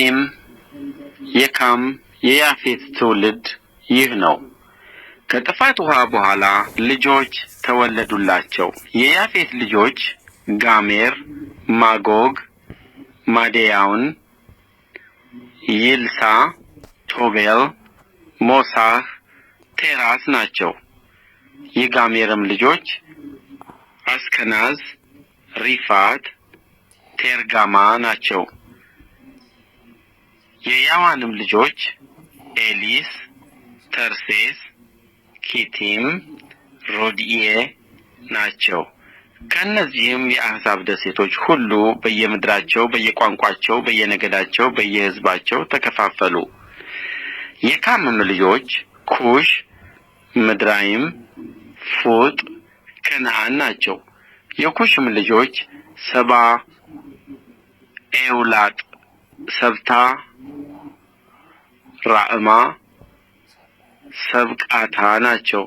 የሴም የካም የያፌት ትውልድ ይህ ነው። ከጥፋት ውሃ በኋላ ልጆች ተወለዱላቸው። የያፌት ልጆች ጋሜር፣ ማጎግ፣ ማዴያውን፣ ይልሳ፣ ቶቤል፣ ሞሳህ፣ ቴራስ ናቸው። የጋሜርም ልጆች አስከናዝ፣ ሪፋት፣ ቴርጋማ ናቸው። የያዋንም ልጆች ኤሊስ፣ ተርሴስ፣ ኪቲም፣ ሮድኤ ናቸው። ከእነዚህም የአሕዛብ ደሴቶች ሁሉ በየምድራቸው፣ በየቋንቋቸው፣ በየነገዳቸው፣ በየሕዝባቸው ተከፋፈሉ። የካምም ልጆች ኩሽ፣ ምድራይም፣ ፉጥ፣ ከነአን ናቸው። የኩሽም ልጆች ሰባ፣ ኤውላጥ ሰብታ፣ ራዕማ፣ ሰብቃታ ናቸው።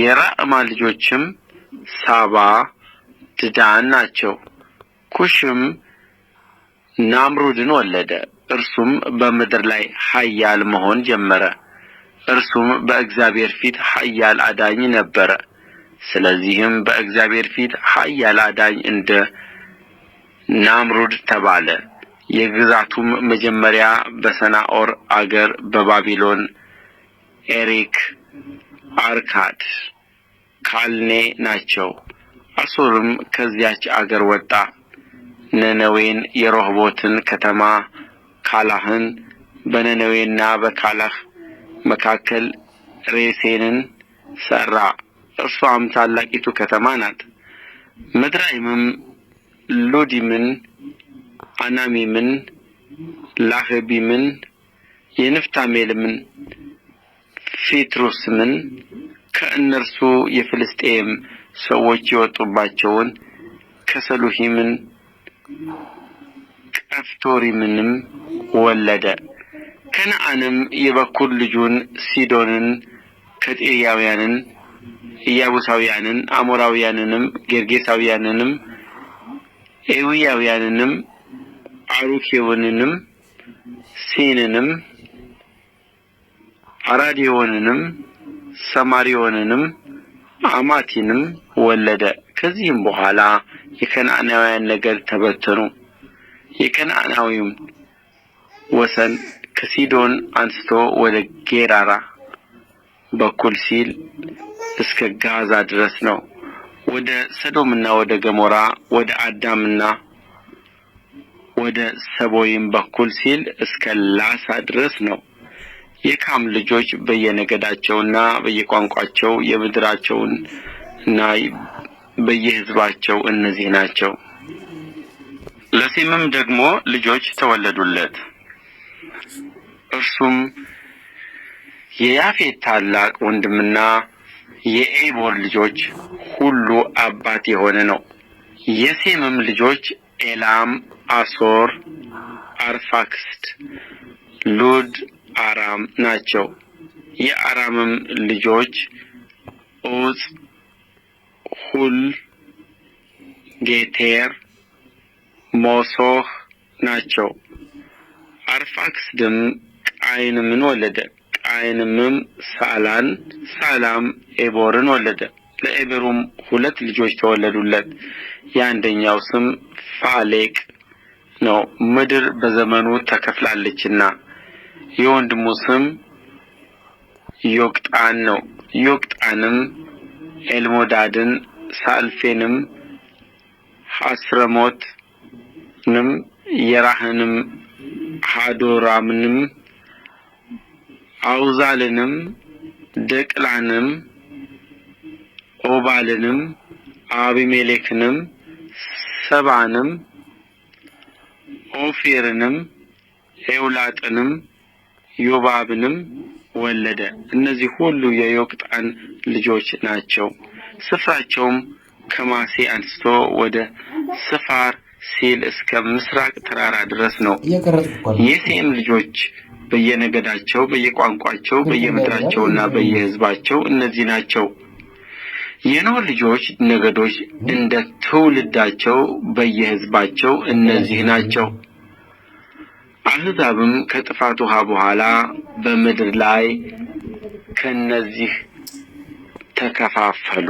የራዕማ ልጆችም ሳባ፣ ድዳን ናቸው። ኩሽም ናምሩድን ወለደ። እርሱም በምድር ላይ ኃያል መሆን ጀመረ። እርሱም በእግዚአብሔር ፊት ኃያል አዳኝ ነበረ። ስለዚህም በእግዚአብሔር ፊት ኃያል አዳኝ እንደ ናምሩድ ተባለ። የግዛቱም መጀመሪያ በሰናኦር አገር በባቢሎን ኤሪክ፣ አርካድ፣ ካልኔ ናቸው። አሶርም ከዚያች አገር ወጣ። ነነዌን፣ የሮህቦትን ከተማ ካላህን፣ በነነዌና በካላህ መካከል ሬሴንን ሠራ። እርሷም ታላቂቱ ከተማ ናት። ምድራይምም ሉዲምን አናሚምን፣ ላህቢምን፣ የንፍታሜልምን፣ ፊትሩስምን ከእነርሱ የፍልስጤም ሰዎች የወጡባቸውን ከሰሉሂምን ቀፍቶሪምንም ወለደ። ከነአንም የበኩር ልጁን ሲዶንን፣ ከጢርያውያንን፣ ኢያቡሳውያንን፣ አሞራውያንንም፣ ጌርጌሳውያንንም፣ ኤዊያውያንንም አሪክ ሲንንም አራዲዮንንም ሰማሪዮንንም አማቲንም ወለደ። ከዚህም በኋላ የከነዓናውያን ነገር ተበተኑ። የከነዓናዊም ወሰን ከሲዶን አንስቶ ወደ ጌራራ በኩል ሲል እስከ ጋዛ ድረስ ነው። ወደ ሰዶምና ወደ ገሞራ ወደ አዳምና ወደ ሰቦይም በኩል ሲል እስከ ላሳ ድረስ ነው። የካም ልጆች በየነገዳቸውና በየቋንቋቸው የምድራቸውን እና በየህዝባቸው እነዚህ ናቸው። ለሴምም ደግሞ ልጆች ተወለዱለት። እርሱም የያፌት ታላቅ ወንድምና የኤቦር ልጆች ሁሉ አባት የሆነ ነው። የሴምም ልጆች ኤላም፣ አሶር፣ አርፋክስድ፣ ሉድ፣ አራም ናቸው። የአራምም ልጆች ኡፅ፣ ሁል፣ ጌቴር፣ ሞሶህ ናቸው። አርፋክስድም ቃይንምን ወለደ። ቃይንምም ሳላን፣ ሳላም ኤቦርን ወለደ። ለኤቦሩም ሁለት ልጆች ተወለዱለት። የአንደኛው ስም ፋሌቅ ነው፣ ምድር በዘመኑ ተከፍላለችና። የወንድሙ ስም ዮቅጣን ነው። ዮቅጣንም ኤልሞዳድን፣ ሳልፌንም፣ ሐስረሞትንም፣ የራህንም፣ ሃዶራምንም አውዛልንም፣ ደቅላንም፣ ኦባልንም፣ አቢሜሌክንም ሰብዓንም ኦፌርንም ኤውላጥንም ዮባብንም ወለደ። እነዚህ ሁሉ የዮቅጣን ልጆች ናቸው። ስፍራቸውም ከማሴ አንስቶ ወደ ስፋር ሲል እስከ ምስራቅ ተራራ ድረስ ነው። የሴም ልጆች በየነገዳቸው፣ በየቋንቋቸው፣ በየምድራቸውና በየህዝባቸው እነዚህ ናቸው። የኖህ ልጆች ነገዶች እንደ ትውልዳቸው በየሕዝባቸው እነዚህ ናቸው። አሕዛብም ከጥፋት ውሃ በኋላ በምድር ላይ ከነዚህ ተከፋፈሉ።